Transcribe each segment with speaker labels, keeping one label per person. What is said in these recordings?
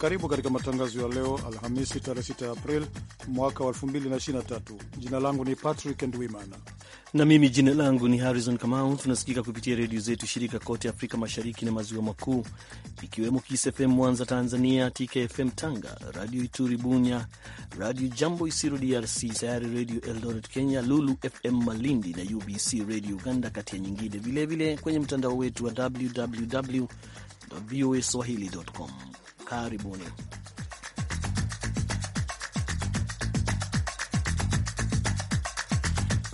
Speaker 1: Karibu katika matangazo ya leo Alhamisi, tarehe 6 Aprili mwaka wa 2023. Jina langu ni Patrick Ndwimana
Speaker 2: na mimi jina langu ni Harrison Kamau. Tunasikika kupitia redio zetu shirika kote Afrika Mashariki na Maziwa Makuu, ikiwemo KisFM Mwanza Tanzania, TKFM Tanga, Radio Ituri Bunya, Radio Jambo Isiro DRC, Sayari Radio Eldoret Kenya, Lulu FM Malindi na UBC Radio Uganda, kati ya nyingine, vilevile kwenye mtandao wetu wa www voa swahili.com. Karibuni.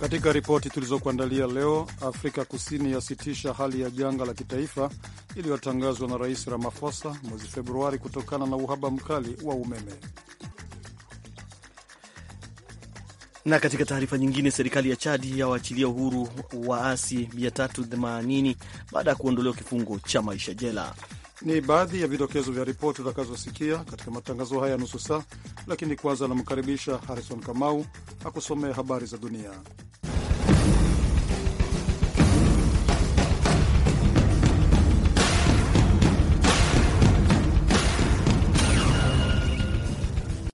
Speaker 1: Katika ripoti tulizokuandalia leo, Afrika Kusini yasitisha hali ya janga la kitaifa iliyotangazwa na Rais Ramaphosa mwezi Februari kutokana na uhaba mkali wa umeme.
Speaker 2: Na katika taarifa nyingine, serikali ya Chadi yawaachilia uhuru waasi 380 baada ya kuondolewa kifungo cha maisha jela. Ni
Speaker 1: baadhi ya vidokezo vya ripoti utakazosikia katika matangazo haya ya nusu saa, lakini kwanza anamkaribisha Harrison Kamau akusomea habari za dunia.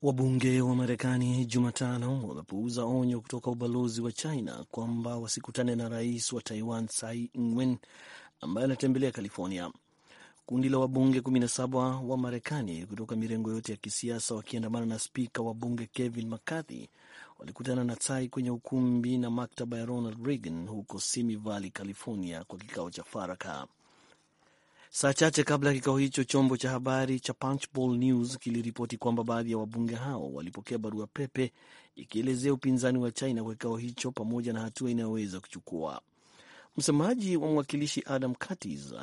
Speaker 2: Wabunge wa Marekani Jumatano wamepuuza onyo kutoka ubalozi wa China kwamba wasikutane na rais wa Taiwan Tsai Ing-wen ambaye anatembelea California. Kundi la wabunge 17 wa Marekani kutoka mirengo yote ya kisiasa wakiandamana na spika wa bunge Kevin McCarthy walikutana na tai kwenye ukumbi na maktaba ya Ronald Reagan huko Simi Valley, California, kwa kikao cha faraka. Saa chache kabla ya kikao hicho, chombo cha habari cha Punchbowl News kiliripoti kwamba baadhi ya wabunge hao walipokea barua pepe ikielezea upinzani wa China kwa kikao hicho pamoja na hatua inayoweza kuchukua. Msemaji wa mwakilishi Adam Curtis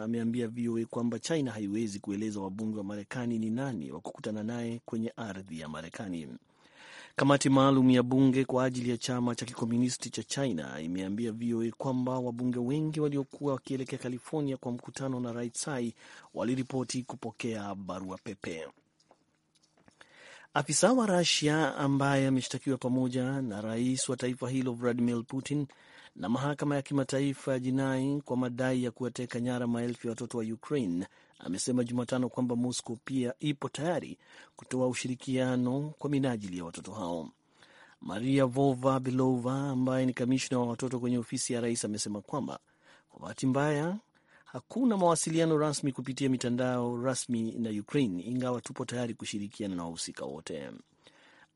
Speaker 2: ameambia VOA kwamba China haiwezi kueleza wabunge wa Marekani ni nani wa kukutana naye kwenye ardhi ya Marekani. Kamati maalum ya bunge kwa ajili ya chama cha kikomunisti cha China imeambia VOA kwamba wabunge wengi waliokuwa wakielekea California kwa mkutano na Rais Tsai waliripoti kupokea barua pepe. Afisa wa Rusia ambaye ameshtakiwa pamoja na rais wa taifa hilo Vladimir Putin na mahakama ya kimataifa ya jinai kwa madai ya kuwateka nyara maelfu ya watoto wa Ukraine amesema Jumatano kwamba Moscow pia ipo tayari kutoa ushirikiano kwa minajili ya watoto hao. Maria Vova Belova ambaye ni kamishna wa watoto kwenye ofisi ya rais amesema kwamba kwa bahati mbaya hakuna mawasiliano rasmi kupitia mitandao rasmi na Ukraine, ingawa tupo tayari kushirikiana na wahusika wote.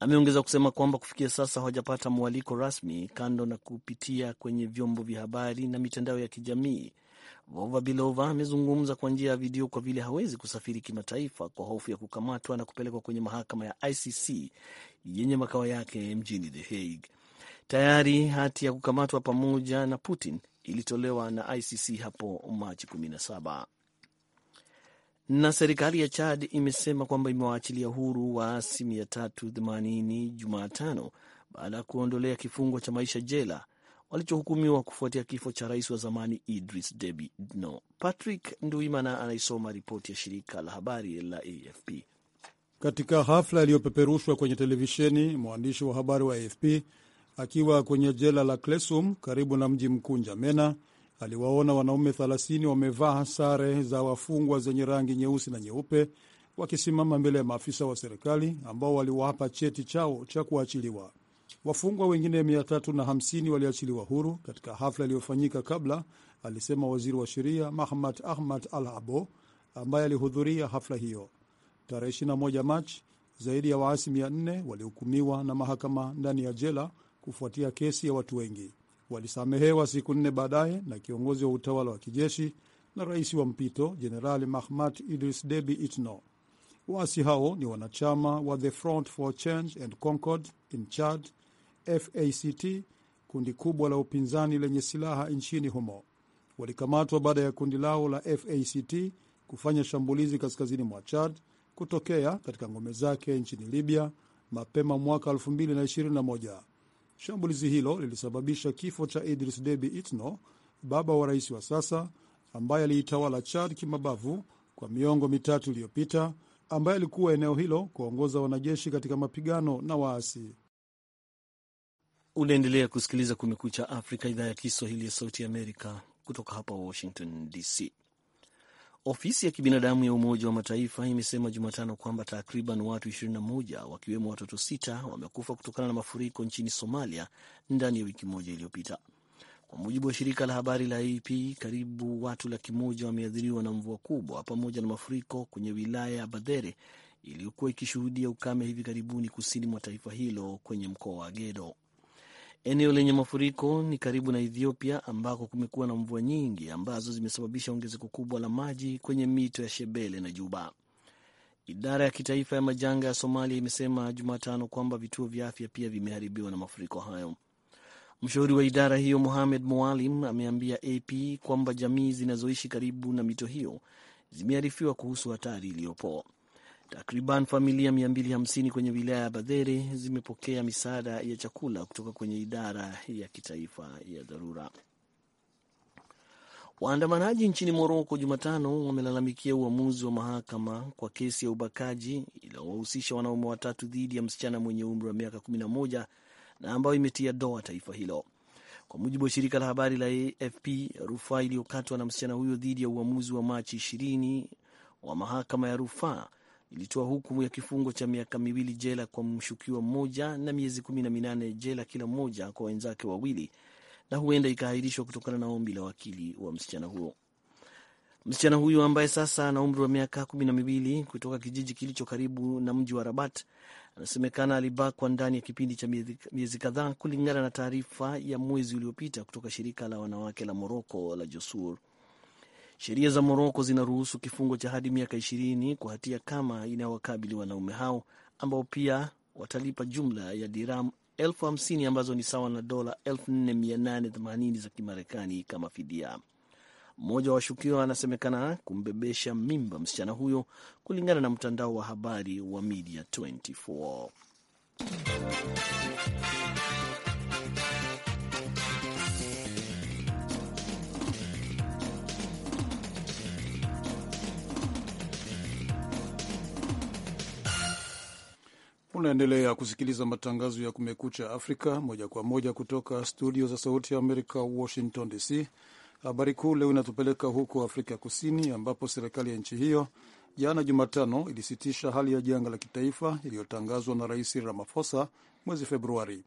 Speaker 2: Ameongeza kusema kwamba kufikia sasa hawajapata mwaliko rasmi, kando na kupitia kwenye vyombo vya habari na mitandao ya kijamii. Vova Bilova amezungumza kwa njia ya video kwa vile hawezi kusafiri kimataifa kwa hofu ya kukamatwa na kupelekwa kwenye mahakama ya ICC yenye makao yake mjini The Hague. Tayari hati ya kukamatwa pamoja na Putin ilitolewa na ICC hapo Machi 17. Na serikali ya Chad imesema kwamba imewaachilia huru waasi 380 Jumatano baada ya kuondolea kifungo cha maisha jela walichohukumiwa kufuatia kifo cha rais wa zamani Idris Deby Itno. Patrick Nduimana anaisoma ripoti ya shirika la habari la AFP.
Speaker 1: Katika hafla iliyopeperushwa kwenye televisheni, mwandishi wa habari wa AFP akiwa kwenye jela la Klesum karibu na mji mkuu Njamena aliwaona wanaume 30 wamevaa sare za wafungwa zenye rangi nyeusi na nyeupe wakisimama mbele ya maafisa wa serikali ambao waliwapa cheti chao cha kuachiliwa. Wafungwa wengine 350 waliachiliwa huru katika hafla iliyofanyika kabla, alisema waziri wa sheria Mahmad Ahmad Al Abo ambaye alihudhuria hafla hiyo. Tarehe 21 Machi, zaidi ya waasi 400 walihukumiwa na mahakama ndani ya jela kufuatia kesi ya watu wengi walisamehewa siku nne baadaye na kiongozi wa utawala wa kijeshi na rais wa mpito Jenerali Mahmat Idris Debi Itno. Waasi hao ni wanachama wa The Front for Change and Concord in Chad, FACT, kundi kubwa la upinzani lenye silaha nchini humo. Walikamatwa baada ya kundi lao la FACT kufanya shambulizi kaskazini mwa Chad kutokea katika ngome zake nchini Libya mapema mwaka 2021. Shambulizi hilo lilisababisha kifo cha Idris Deby Itno, baba wa rais wa sasa ambaye aliitawala Chad kimabavu kwa miongo mitatu iliyopita, ambaye alikuwa eneo hilo kuongoza wanajeshi katika mapigano
Speaker 2: na waasi. Unaendelea kusikiliza Kumekucha Afrika, idhaa ya Kiswahili ya Sauti ya Amerika kutoka hapa Washington DC. Ofisi ya kibinadamu ya Umoja wa Mataifa imesema Jumatano kwamba takriban watu 21 wakiwemo watoto sita wamekufa kutokana na mafuriko nchini Somalia ndani ya wiki moja iliyopita. Kwa mujibu wa shirika la habari la AP, karibu watu laki moja wameathiriwa na mvua kubwa pamoja na mafuriko kwenye wilaya ya Badhere iliyokuwa ikishuhudia ukame hivi karibuni kusini mwa taifa hilo kwenye mkoa wa Gedo. Eneo lenye mafuriko ni karibu na Ethiopia ambako kumekuwa na mvua nyingi ambazo zimesababisha ongezeko kubwa la maji kwenye mito ya Shebele na Juba. Idara ya kitaifa ya majanga ya Somalia imesema Jumatano kwamba vituo vya afya pia vimeharibiwa na mafuriko hayo. Mshauri wa idara hiyo Mohamed mualim ameambia AP kwamba jamii zinazoishi karibu na mito hiyo zimearifiwa kuhusu hatari iliyopo. Takriban familia 250 kwenye wilaya ya Badhere zimepokea misaada ya chakula kutoka kwenye idara ya kitaifa ya dharura. Waandamanaji nchini Moroko Jumatano wamelalamikia uamuzi wa mahakama kwa kesi ya ubakaji iliyowahusisha wanaume watatu dhidi ya msichana mwenye umri wa miaka 11 na ambayo imetia doa taifa hilo. Kwa mujibu wa shirika la habari la AFP, rufaa iliyokatwa na msichana huyo dhidi ya uamuzi wa Machi 20 wa mahakama ya rufaa ilitoa hukumu ya kifungo cha miaka miwili jela kwa mshukiwa mmoja na miezi kumi na minane jela kila mmoja kwa wenzake wawili na huenda ikaahirishwa kutokana na ombi la wakili wa msichana huo. Msichana huyo ambaye sasa ana umri wa miaka kumi na miwili kutoka kijiji kilicho karibu na mji wa Rabat anasemekana alibakwa ndani ya kipindi cha miezi kadhaa, kulingana na taarifa ya mwezi uliopita kutoka shirika la wanawake la Moroko la Josur Sheria za Moroko zinaruhusu kifungo cha hadi miaka ishirini kwa hatia kama inayowakabili wanaume hao ambao pia watalipa jumla ya diramu elfu hamsini ambazo ni sawa na dola 4880 za Kimarekani kama fidia. Mmoja wa washukiwa anasemekana kumbebesha mimba msichana huyo, kulingana na mtandao wa habari wa Media 24.
Speaker 1: Unaendelea kusikiliza matangazo ya Kumekucha Afrika moja kwa moja kutoka studio za Sauti ya Amerika, Washington DC. Habari kuu leo inatupeleka huko Afrika Kusini, ambapo serikali ya nchi hiyo jana Jumatano ilisitisha hali ya janga la kitaifa iliyotangazwa na Rais Ramaphosa mwezi Februari.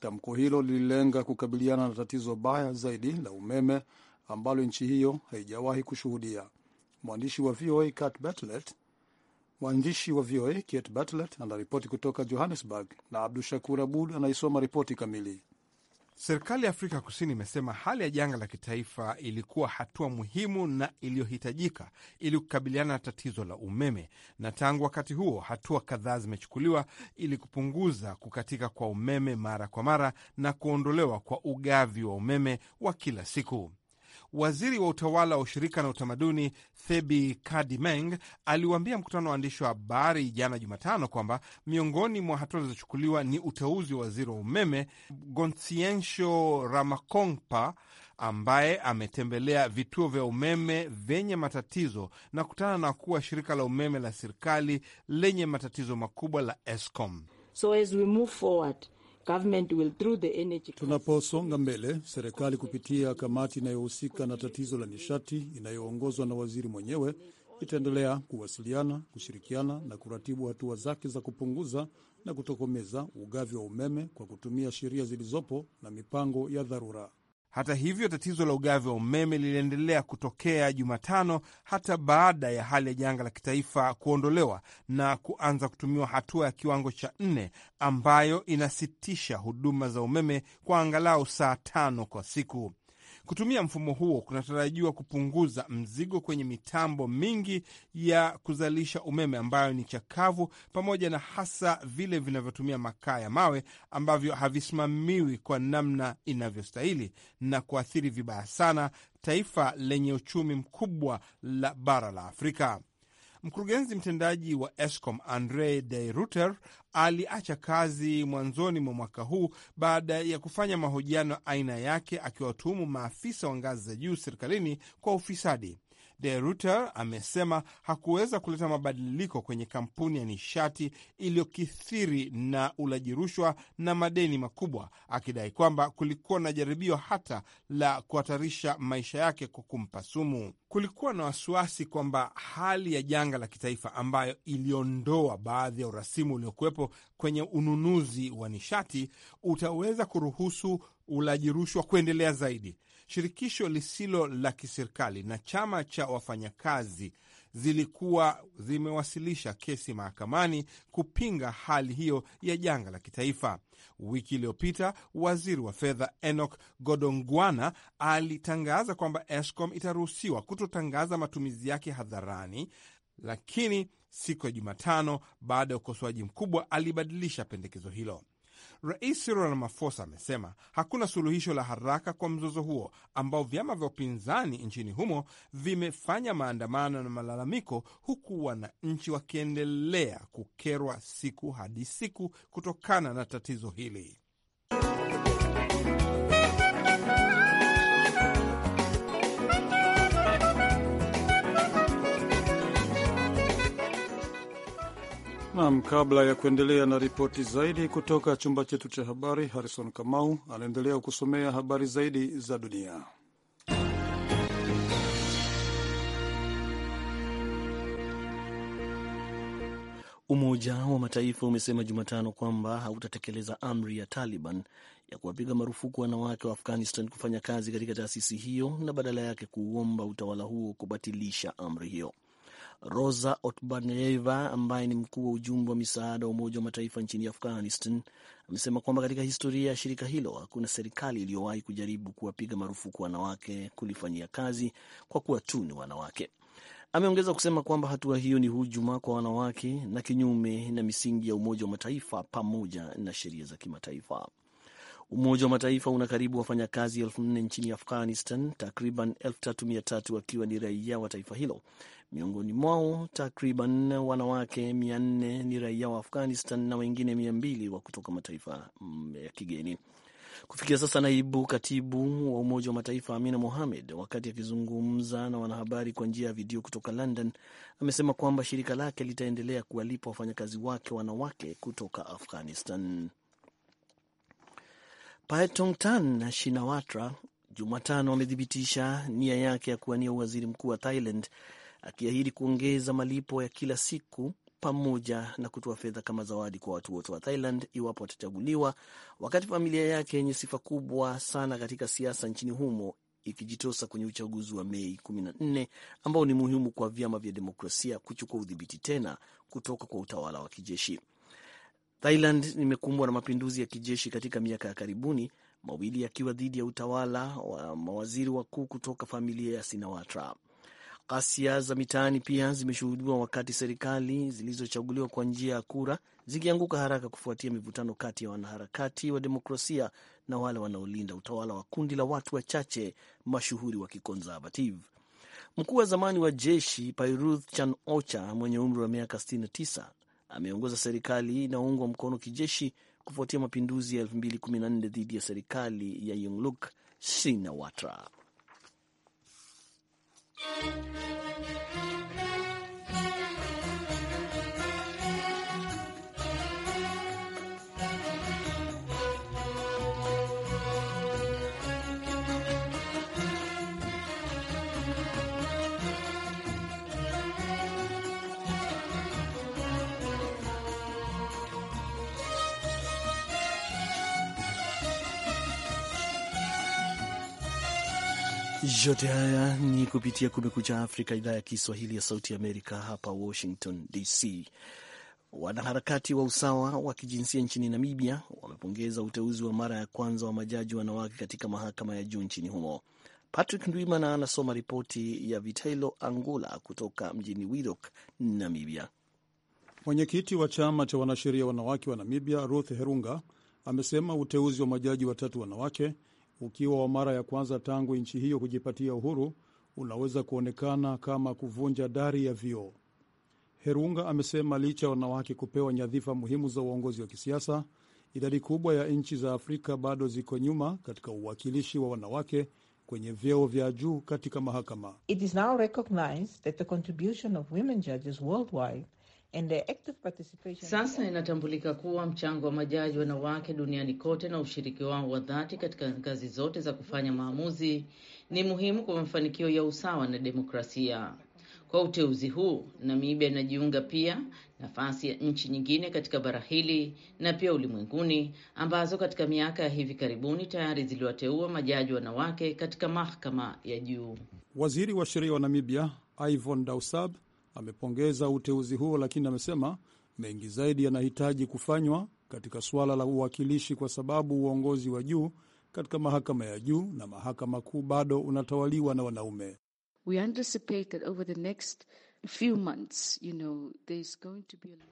Speaker 1: Tamko hilo lililenga kukabiliana na tatizo baya zaidi la umeme ambalo nchi hiyo haijawahi kushuhudia. Mwandishi wa VOA Kat Bartlett Mwandishi wa VOA Kate Bartlett anaripoti kutoka Johannesburg na Abdu Shakur Abud anaisoma ripoti kamili.
Speaker 3: Serikali ya Afrika Kusini imesema hali ya janga la kitaifa ilikuwa hatua muhimu na iliyohitajika ili kukabiliana na tatizo la umeme, na tangu wakati huo hatua kadhaa zimechukuliwa ili kupunguza kukatika kwa umeme mara kwa mara na kuondolewa kwa ugavi wa umeme wa kila siku. Waziri wa utawala wa ushirika na utamaduni Thebi Kadimeng aliwaambia mkutano wa waandishi wa habari jana Jumatano kwamba miongoni mwa hatua zilizochukuliwa ni uteuzi wa waziri wa umeme Gonsiensho Ramakongpa ambaye ametembelea vituo vya umeme vyenye matatizo na kutana na kuwa shirika la umeme la serikali lenye matatizo makubwa la Eskom. So as we
Speaker 4: move forward,
Speaker 3: Tunaposonga mbele, serikali kupitia
Speaker 1: kamati inayohusika na tatizo la nishati inayoongozwa na waziri mwenyewe itaendelea kuwasiliana, kushirikiana na kuratibu hatua zake za kupunguza na kutokomeza ugavi wa umeme kwa kutumia sheria zilizopo na mipango ya dharura.
Speaker 3: Hata hivyo, tatizo la ugavi wa umeme liliendelea kutokea Jumatano hata baada ya hali ya janga la kitaifa kuondolewa na kuanza kutumiwa hatua ya kiwango cha nne ambayo inasitisha huduma za umeme kwa angalau saa tano kwa siku. Kutumia mfumo huo kunatarajiwa kupunguza mzigo kwenye mitambo mingi ya kuzalisha umeme ambayo ni chakavu, pamoja na hasa vile vinavyotumia makaa ya mawe ambavyo havisimamiwi kwa namna inavyostahili na kuathiri vibaya sana taifa lenye uchumi mkubwa la bara la Afrika. Mkurugenzi mtendaji wa ESCOM Andre de Ruter aliacha kazi mwanzoni mwa mwaka huu baada ya kufanya mahojiano aina yake akiwatuhumu maafisa wa ngazi za juu serikalini kwa ufisadi. De Ruter amesema hakuweza kuleta mabadiliko kwenye kampuni ya nishati iliyokithiri na ulaji rushwa na madeni makubwa, akidai kwamba kulikuwa na jaribio hata la kuhatarisha maisha yake kwa kumpa sumu. Kulikuwa na wasiwasi kwamba hali ya janga la kitaifa ambayo iliondoa baadhi ya urasimu uliokuwepo kwenye ununuzi wa nishati utaweza kuruhusu ulaji rushwa kuendelea zaidi shirikisho lisilo la kiserikali na chama cha wafanyakazi zilikuwa zimewasilisha kesi mahakamani kupinga hali hiyo ya janga la kitaifa. Wiki iliyopita waziri wa fedha Enoch Godongwana alitangaza kwamba Eskom itaruhusiwa kutotangaza matumizi yake hadharani, lakini siku ya Jumatano, baada ya ukosoaji mkubwa, alibadilisha pendekezo hilo. Rais Cyril Ramaphosa amesema hakuna suluhisho la haraka kwa mzozo huo ambao vyama vya upinzani nchini humo vimefanya maandamano na malalamiko, huku wananchi wakiendelea kukerwa siku hadi siku kutokana na tatizo hili.
Speaker 1: Nam, kabla ya kuendelea na ripoti zaidi kutoka chumba chetu cha habari, Harrison Kamau anaendelea kusomea habari zaidi za dunia.
Speaker 2: Umoja wa Mataifa umesema Jumatano kwamba hautatekeleza amri ya Taliban ya kuwapiga marufuku wanawake wa Afghanistan kufanya kazi katika taasisi hiyo na badala yake kuuomba utawala huo kubatilisha amri hiyo. Rosa Otbanaeva ambaye ni mkuu wa ujumbe wa misaada wa Umoja wa Mataifa nchini Afghanistan amesema kwamba katika historia ya shirika hilo hakuna serikali iliyowahi kujaribu kuwapiga marufuku wanawake kulifanyia kazi kwa kuwa tu ni wanawake. Ameongeza kusema kwamba hatua hiyo ni hujuma kwa wanawake na kinyume na misingi ya Umoja wa Mataifa pamoja na sheria za kimataifa. Umoja wa Mataifa una karibu wafanyakazi elfu nne nchini Afghanistan, takriban elfu tatu mia tatu wakiwa ni raia wa taifa hilo. Miongoni mwao takriban wanawake mia nne ni raia wa Afghanistan na wengine mia mbili wa kutoka mataifa ya kigeni. Kufikia sasa, naibu katibu wa Umoja wa Mataifa Amina Mohamed, wakati akizungumza na wanahabari kwa njia ya video kutoka London, amesema kwamba shirika lake litaendelea kuwalipa wafanyakazi wake wanawake kutoka Afghanistan. Paetongtarn na Shinawatra Jumatano amethibitisha nia yake ya kuwania uwaziri mkuu wa Thailand, akiahidi kuongeza malipo ya kila siku pamoja na kutoa fedha kama zawadi kwa watu wote wa Thailand iwapo atachaguliwa, wakati familia yake yenye sifa kubwa sana katika siasa nchini humo ikijitosa kwenye uchaguzi wa Mei 14 ambao ni muhimu kwa vyama vya demokrasia kuchukua udhibiti tena kutoka kwa utawala wa kijeshi. Thailand imekumbwa na mapinduzi ya kijeshi katika miaka ya karibuni, mawili yakiwa dhidi ya utawala wa mawaziri wakuu kutoka familia ya Sinawatra. Ghasia za mitaani pia zimeshuhudiwa wakati serikali zilizochaguliwa kwa njia ya kura zikianguka haraka kufuatia mivutano kati ya wanaharakati wa demokrasia na wale wanaolinda utawala wa kundi la watu wachache mashuhuri wa kikonservative. Mkuu wa zamani wa jeshi Pairuth chan Ocha mwenye umri wa miaka ameongoza serikali inaungwa mkono kijeshi kufuatia mapinduzi ya 2014 dhidi ya serikali ya Yingluck Shinawatra. Yote haya ni kupitia Kumekucha Afrika, idhaa ya Kiswahili ya Sauti Amerika, hapa Washington DC. Wanaharakati wa usawa wa kijinsia nchini Namibia wamepongeza uteuzi wa mara ya kwanza wa majaji wanawake katika mahakama ya juu nchini humo. Patrick Ndwimana anasoma ripoti ya Vitailo Angula kutoka mjini Widok, Namibia. Mwenyekiti wa chama cha wanasheria wanawake wa Namibia, Ruth Herunga,
Speaker 1: amesema uteuzi wa majaji watatu wanawake ukiwa wa mara ya kwanza tangu nchi hiyo kujipatia uhuru, unaweza kuonekana kama kuvunja dari ya vioo. Herunga amesema licha ya wanawake kupewa nyadhifa muhimu za uongozi wa kisiasa, idadi kubwa ya nchi za Afrika bado ziko nyuma katika uwakilishi wa wanawake kwenye vyeo vya juu katika mahakama.
Speaker 4: It is now recognized that the contribution of women judges worldwide and the active participation. Sasa inatambulika kuwa mchango wa majaji wanawake duniani kote na ushiriki wao wa dhati katika ngazi zote za kufanya maamuzi ni muhimu kwa mafanikio ya usawa na demokrasia. Kwa uteuzi huu, Namibia inajiunga pia nafasi ya nchi nyingine katika bara hili na pia ulimwenguni ambazo katika miaka ya hivi karibuni tayari ziliwateua majaji wanawake katika mahakama ya juu.
Speaker 1: Waziri wa sheria wa Namibia Ivon Dausab amepongeza uteuzi huo, lakini amesema mengi zaidi yanahitaji kufanywa katika suala la uwakilishi, kwa sababu uongozi wa juu katika mahakama ya juu na mahakama kuu bado unatawaliwa na wanaume.
Speaker 4: You know,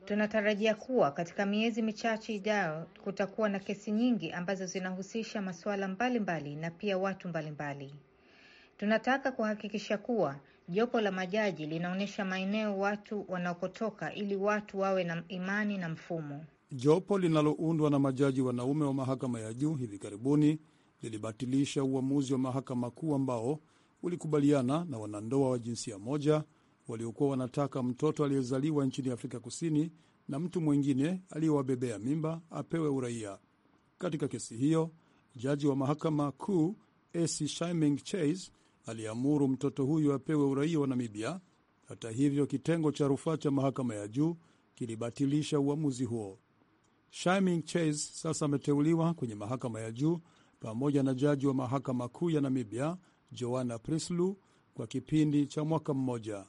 Speaker 4: tunatarajia kuwa katika miezi michache ijayo kutakuwa na kesi nyingi ambazo zinahusisha masuala mbalimbali na pia watu mbalimbali mbali. Tunataka kuhakikisha kuwa Jopo la majaji linaonyesha maeneo watu wanakotoka ili watu wawe na imani na mfumo.
Speaker 1: Jopo linaloundwa na majaji wanaume wa mahakama ya juu hivi karibuni lilibatilisha uamuzi wa mahakama kuu ambao ulikubaliana na wanandoa wa jinsia moja waliokuwa wanataka mtoto aliyezaliwa nchini Afrika Kusini na mtu mwingine aliyewabebea mimba apewe uraia. Katika kesi hiyo, jaji wa mahakama kuu AC Shiming Chase aliamuru mtoto huyo apewe uraia wa Namibia. Hata hivyo, kitengo cha rufaa cha mahakama ya juu kilibatilisha uamuzi huo. Shaming Chase sasa ameteuliwa kwenye mahakama ya juu pamoja na jaji wa mahakama kuu ya Namibia Joanna Prislu kwa kipindi cha mwaka mmoja.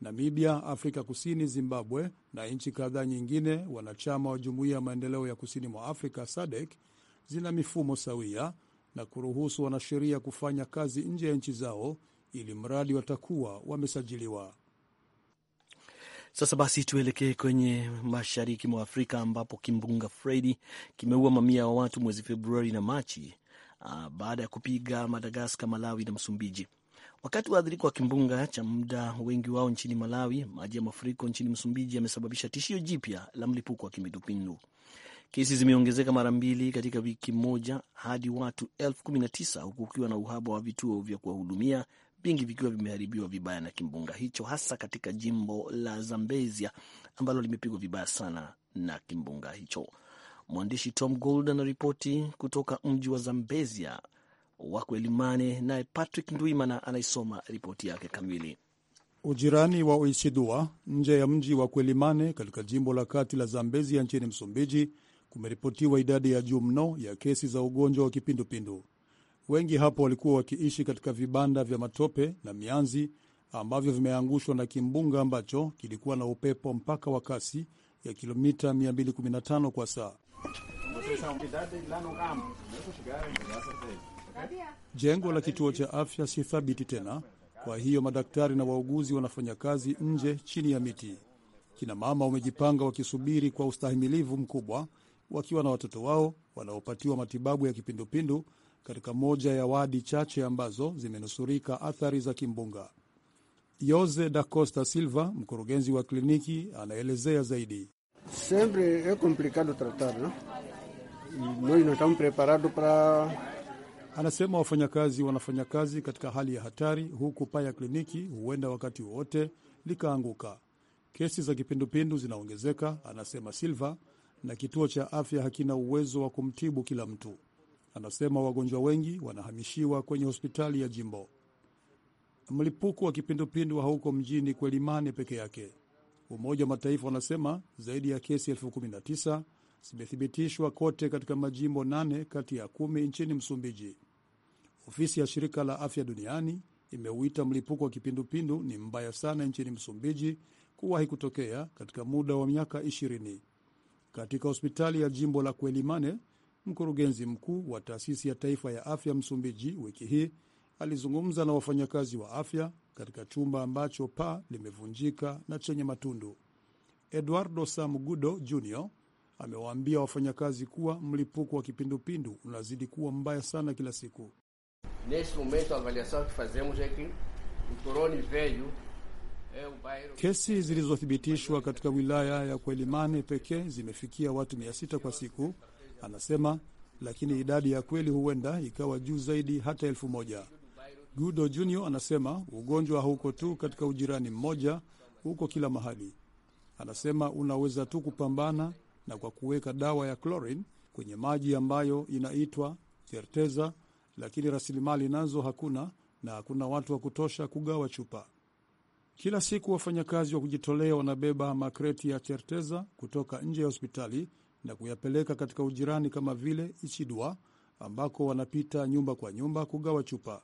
Speaker 1: Namibia, Afrika Kusini, Zimbabwe na nchi kadhaa nyingine wanachama wa Jumuiya ya Maendeleo ya Kusini mwa Afrika SADC zina mifumo sawia na kuruhusu wanasheria kufanya kazi nje ya nchi zao ili mradi watakuwa wamesajiliwa.
Speaker 2: Sasa basi tuelekee kwenye mashariki mwa Afrika ambapo kimbunga Fredi kimeua mamia ya watu mwezi Februari na Machi ah, baada ya kupiga Madagaskar, Malawi na Msumbiji. Wakati waathirika wa kimbunga cha muda wengi wao nchini Malawi, maji ya mafuriko nchini Msumbiji yamesababisha tishio jipya la mlipuko wa kipindupindu. Kesi zimeongezeka mara mbili katika wiki moja hadi watu elfu kumi na tisa huku kukiwa na uhaba wa vituo vya kuwahudumia, vingi vikiwa vimeharibiwa vibaya na kimbunga hicho, hasa katika jimbo la Zambezia ambalo limepigwa vibaya sana na kimbunga hicho. Mwandishi Tom Gold anaripoti kutoka mji wa Zambezia wa Kwelimane, naye Patrick Ndwimana anaisoma ripoti yake kamili.
Speaker 1: Ujirani wa Oisidua nje ya mji wa Kwelimane katika jimbo la kati la Zambezia nchini Msumbiji kumeripotiwa idadi ya juu mno ya kesi za ugonjwa wa kipindupindu. Wengi hapo walikuwa wakiishi katika vibanda vya matope na mianzi ambavyo vimeangushwa na kimbunga ambacho kilikuwa na upepo mpaka wa kasi ya kilomita 215 kwa saa. Jengo la kituo cha afya si thabiti tena, kwa hiyo madaktari na wauguzi wanafanya kazi nje chini ya miti. Kina mama wamejipanga wakisubiri kwa ustahimilivu mkubwa wakiwa na watoto wao wanaopatiwa matibabu ya kipindupindu katika moja ya wadi chache ambazo zimenusurika athari za kimbunga. yose da Costa Silva, mkurugenzi wa kliniki, anaelezea zaidi. Sempre é complicado tratar, no? estamos preparados para Anasema wafanyakazi wanafanya kazi katika hali ya hatari, huku paa ya kliniki huenda wakati wowote likaanguka. Kesi za kipindupindu zinaongezeka, anasema Silva, na kituo cha afya hakina uwezo wa kumtibu kila mtu. Anasema wagonjwa wengi wanahamishiwa kwenye hospitali ya jimbo. Mlipuko wa kipindupindu hauko mjini Kwelimane peke yake. Umoja wa Mataifa wanasema zaidi ya kesi elfu kumi na tisa zimethibitishwa kote katika majimbo nane kati ya kumi nchini Msumbiji. Ofisi ya shirika la afya duniani imeuita mlipuko wa kipindupindu ni mbaya sana nchini Msumbiji kuwahi kutokea katika muda wa miaka ishirini katika hospitali ya jimbo la Kwelimane. Mkurugenzi mkuu wa taasisi ya taifa ya afya Msumbiji wiki hii alizungumza na wafanyakazi wa afya katika chumba ambacho paa limevunjika na chenye matundu. Eduardo Samgudo Jr amewaambia wafanyakazi kuwa mlipuko wa kipindupindu unazidi kuwa mbaya sana kila siku.
Speaker 4: nesse momento avaliação que fazemos é que o corona veio
Speaker 1: Kesi zilizothibitishwa katika wilaya ya Kwelimane pekee zimefikia watu sita kwa siku, anasema, lakini idadi ya kweli huenda ikawa juu zaidi hata elfu moja. Gudo Junior anasema ugonjwa hauko tu katika ujirani mmoja, uko kila mahali. Anasema unaweza tu kupambana na kwa kuweka dawa ya chlorine kwenye maji ambayo inaitwa terteza, lakini rasilimali nazo hakuna na hakuna watu wa kutosha kugawa chupa. Kila siku wafanyakazi wa kujitolea wanabeba makreti ya cherteza kutoka nje ya hospitali na kuyapeleka katika ujirani kama vile Ichidwa, ambako wanapita nyumba kwa nyumba kugawa chupa.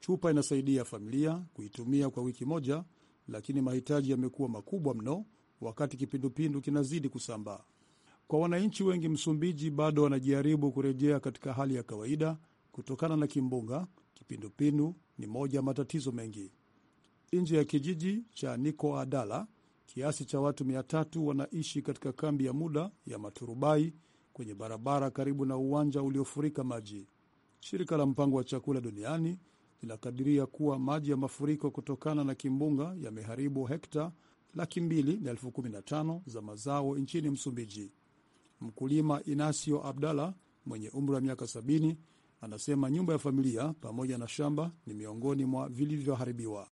Speaker 1: Chupa inasaidia familia kuitumia kwa wiki moja, lakini mahitaji yamekuwa makubwa mno wakati kipindupindu kinazidi kusambaa. Kwa wananchi wengi, Msumbiji bado wanajaribu kurejea katika hali ya kawaida kutokana na kimbunga. Kipindupindu ni moja ya matatizo mengi nje ya kijiji cha Adala. Kiasi cha watu mia tatu wanaishi katika kambi ya muda ya maturubai kwenye barabara karibu na uwanja uliofurika maji. Shirika la mpango wa chakula duniani linakadiria kuwa maji ya mafuriko kutokana na kimbunga yameharibu hekta laki mbili na elfu kumi na tano za mazao nchini Msumbiji. Mkulima Inasio Abdalla mwenye umri wa miaka sabini Anasema nyumba ya familia pamoja na shamba ni miongoni mwa vilivyoharibiwa.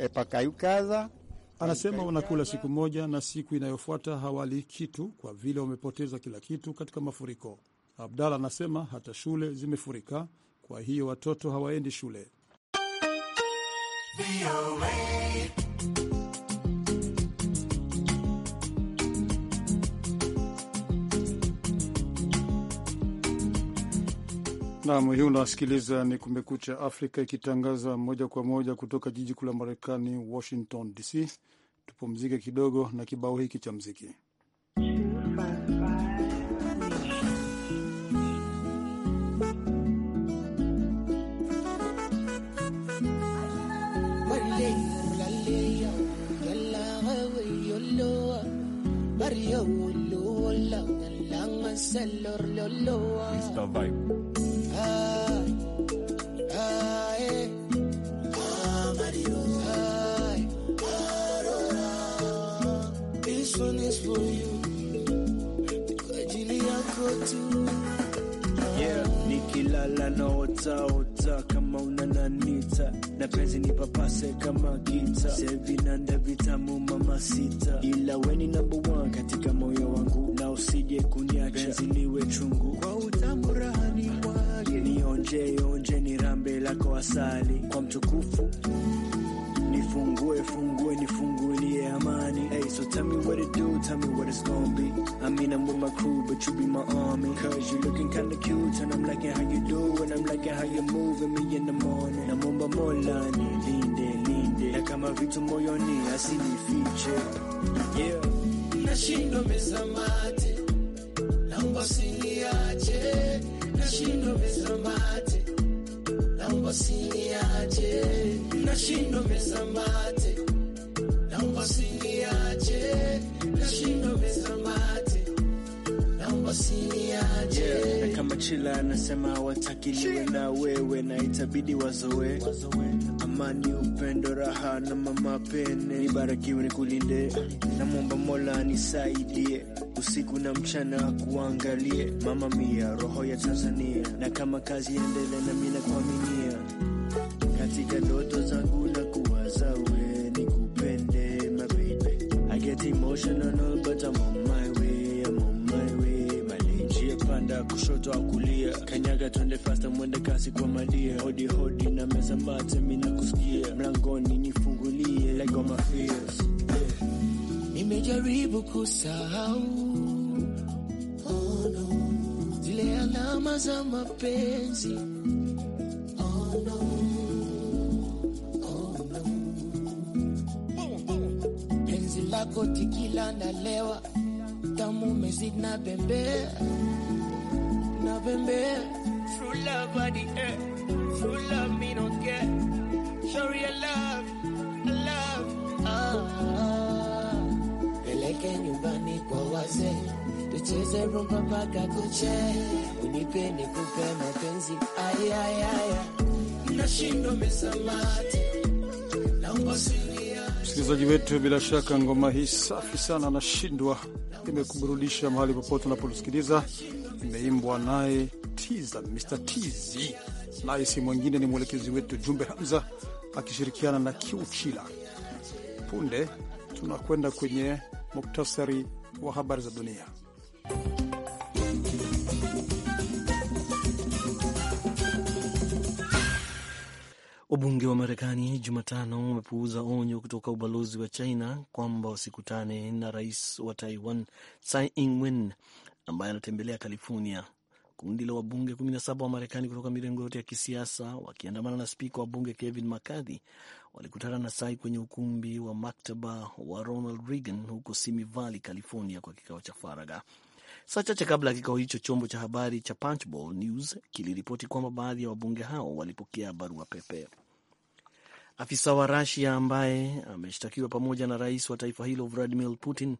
Speaker 3: E anasema wanakula
Speaker 1: siku moja na siku inayofuata hawali kitu kwa vile wamepoteza kila kitu katika mafuriko. abdala anasema hata shule zimefurika, kwa hiyo watoto hawaendi shule. Nam hii unasikiliza ni Kumekucha Afrika ikitangaza moja kwa moja kutoka jiji kuu la Marekani, Washington DC. Tupumzike kidogo na kibao hiki cha mziki.
Speaker 5: Yeah, nikilala naotaota kama unananita na penzi ni papase kama gita sevinanda vitamu mama sita, ila weni namba one katika moyo wangu na usije kunyacha penzi liwe chungu kwa utamura Onje onje nirambe lako asali kwa mtukufu Nifungue fungue nifungulie amani Hey so tell me what it do tell me what it's gonna be I mean I'm with my crew but you be my army Cause you looking kinda cute and I'm liking how you do And I'm liking how you moving me in the morning na Namomba Mola nilinde linde Na kama vitu moyoni asinifiche Yeah Nashindo mezamate Naomba sini Nashindo meza mate, naomba usiniache. Nashindo meza mate, naomba usiniache. yeah. Na kama Chila anasema watakiliwe na wewe na itabidi wazowe amani, upendo, raha na mama pene. Nibarikiwe nikulinde, namwomba Mola nisaidie usiku na mchana kuangalie mama mia roho ya Tanzania, na kama kazi endelea na mimi nakuaminia katika ndoto zangu na kuwaza we nikupende my baby I get emotional kushoto au kulia, kanyaga twende fasta, mwende kasi kwa madia, hodi hodi na meza mate, mimi nakusikia mlangoni, nifungulie like all my fears. Nimejaribu kusahau oh no, zile alama za mapenzi oh no. Oh, lako tikila na lewa tamu mezidna na bembea November, true love by the true love me get. Show love, love. Ah, peleke nyumbani kwa wazee, tucheze rumba mpaka kuche, unipe nikupe mapenzi. Ay, ay, ay, nashindo mesamati, naomba
Speaker 1: Msikilizaji wetu, bila shaka ngoma hii safi sana, nashindwa imekuburudisha mahali popote unaposikiliza imeimbwa naye Tiza, Mr Tz, naye si mwingine ni mwelekezi wetu Jumbe Hamza akishirikiana na Kiuchila. Punde tunakwenda kwenye muktasari wa habari za dunia.
Speaker 2: Wabunge wa Marekani Jumatano wamepuuza onyo kutoka ubalozi wa China kwamba wasikutane na rais wa Taiwan Tsai Ing-wen ambaye anatembelea California. Kundi la wabunge 17 wa Marekani kutoka mirengo yote ya kisiasa wakiandamana na spika wa bunge Kevin McCarthy walikutana na sai kwenye ukumbi wa maktaba wa Ronald Reagan huko Simi Valley, California, kwa kikao cha faraga Saa chache kabla ya kikao hicho, chombo cha habari cha Punchbowl News kiliripoti kwamba baadhi ya wabunge hao walipokea barua pepe. Afisa wa Rasia ambaye ameshtakiwa pamoja na rais wa taifa hilo Vladimir Putin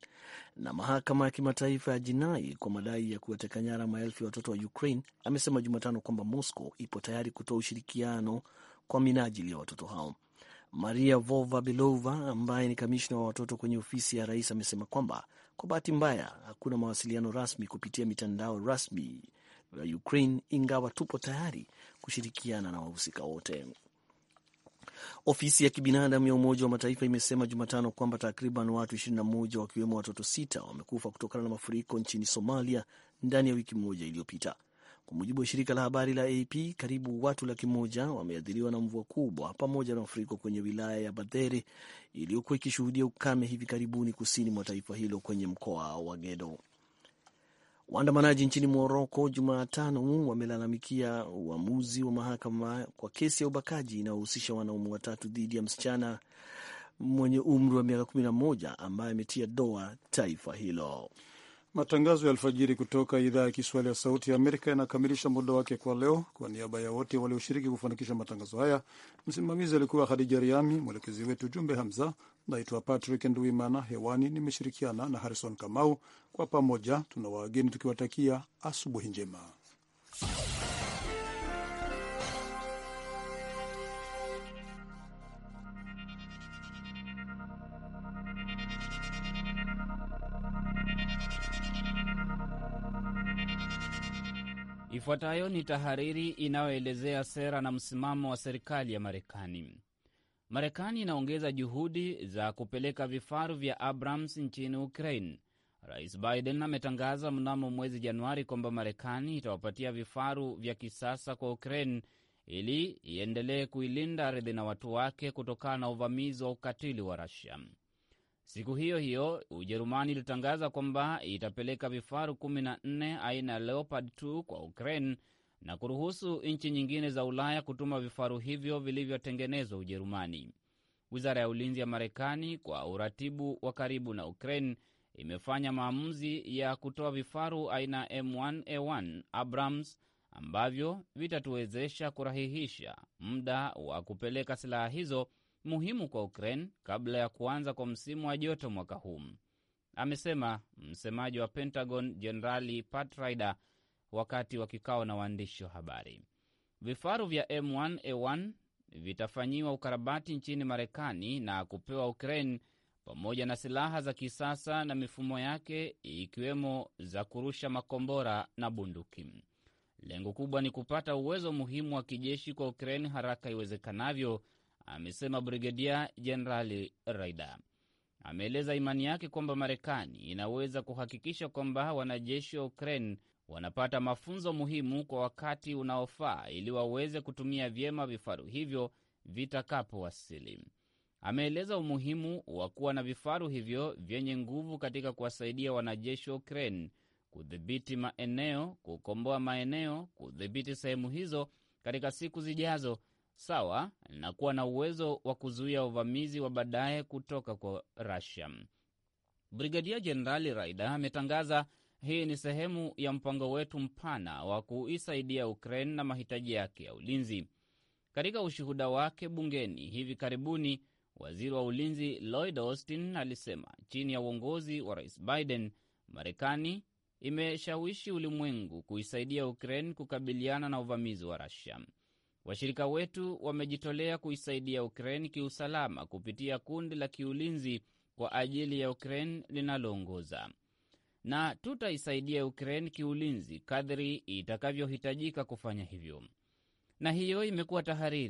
Speaker 2: na mahakama ya kimataifa ya jinai kwa madai ya kuwateka nyara maelfu ya watoto wa Ukraine amesema Jumatano kwamba Moscow ipo tayari kutoa ushirikiano kwa minajili ya watoto hao. Maria Vova Belova ambaye ni kamishna wa watoto kwenye ofisi ya rais amesema kwamba kwa bahati mbaya hakuna mawasiliano rasmi kupitia mitandao rasmi ya Ukraine, ingawa tupo tayari kushirikiana na wahusika wote. Ofisi ya kibinadamu ya Umoja wa Mataifa imesema Jumatano kwamba takriban watu 21 wakiwemo watoto sita wamekufa kutokana na mafuriko nchini Somalia ndani ya wiki moja iliyopita. Kwa mujibu wa shirika la habari la AP, karibu watu laki moja wameathiriwa na mvua kubwa pamoja na mafuriko kwenye wilaya ya Badhere iliyokuwa ikishuhudia ukame hivi karibuni kusini mwa taifa hilo kwenye mkoa wa Gedo. Waandamanaji nchini Moroko Jumatano wamelalamikia uamuzi wa mahakama kwa kesi ya ubakaji inayohusisha wanaume watatu dhidi ya msichana mwenye umri wa miaka moja ambaye ametia doa taifa hilo. Matangazo ya alfajiri kutoka idhaa ya
Speaker 1: Kiswahili ya Sauti ya Amerika yanakamilisha muda wake kwa leo. Kwa niaba ya wote walioshiriki kufanikisha matangazo haya, msimamizi alikuwa Hadija Riami, mwelekezi wetu Jumbe Hamza. Naitwa Patrick Nduimana, hewani nimeshirikiana na Harrison Kamau. Kwa pamoja tuna wageni tukiwatakia asubuhi njema.
Speaker 4: Ifuatayo ni tahariri inayoelezea sera na msimamo wa serikali ya Marekani. Marekani inaongeza juhudi za kupeleka vifaru vya Abrams nchini Ukraine. Rais Biden ametangaza mnamo mwezi Januari kwamba Marekani itawapatia vifaru vya kisasa kwa Ukraine ili iendelee kuilinda ardhi na watu wake kutokana na uvamizi wa ukatili wa Rusia. Siku hiyo hiyo Ujerumani ilitangaza kwamba itapeleka vifaru 14 aina ya Leopard 2 kwa Ukraine na kuruhusu nchi nyingine za Ulaya kutuma vifaru hivyo vilivyotengenezwa Ujerumani. Wizara ya ulinzi ya Marekani kwa uratibu wa karibu na Ukraine imefanya maamuzi ya kutoa vifaru aina M1A1 Abrams ambavyo vitatuwezesha kurahihisha muda wa kupeleka silaha hizo muhimu kwa Ukraine kabla ya kuanza kwa msimu wa joto mwaka huu, amesema msemaji wa Pentagon Jenerali Pat Ryder wakati wa kikao na waandishi wa habari. Vifaru vya M1A1 vitafanyiwa ukarabati nchini Marekani na kupewa Ukraine pamoja na silaha za kisasa na mifumo yake ikiwemo za kurusha makombora na bunduki. Lengo kubwa ni kupata uwezo muhimu wa kijeshi kwa Ukraine haraka iwezekanavyo, amesema Brigedia Jenerali Raida. Ameeleza imani yake kwamba Marekani inaweza kuhakikisha kwamba wanajeshi wa Ukraine wanapata mafunzo muhimu kwa wakati unaofaa ili waweze kutumia vyema vifaru hivyo vitakapowasili. Ameeleza umuhimu wa kuwa na vifaru hivyo vyenye nguvu katika kuwasaidia wanajeshi wa Ukraine kudhibiti maeneo, kukomboa maeneo, kudhibiti sehemu hizo katika siku zijazo, sawa na kuwa na uwezo wa kuzuia uvamizi wa baadaye kutoka kwa Rusia. Brigadia Jenerali Raida ametangaza hii ni sehemu ya mpango wetu mpana wa kuisaidia Ukraine na mahitaji yake ya ulinzi. Katika ushuhuda wake bungeni hivi karibuni, waziri wa ulinzi Lloyd Austin alisema chini ya uongozi wa Rais Biden, Marekani imeshawishi ulimwengu kuisaidia Ukraine kukabiliana na uvamizi wa Rusia. Washirika wetu wamejitolea kuisaidia Ukraine kiusalama kupitia kundi la kiulinzi kwa ajili ya Ukraine linaloongoza na tutaisaidia Ukraine kiulinzi kadri itakavyohitajika kufanya hivyo. Na hiyo imekuwa tahariri.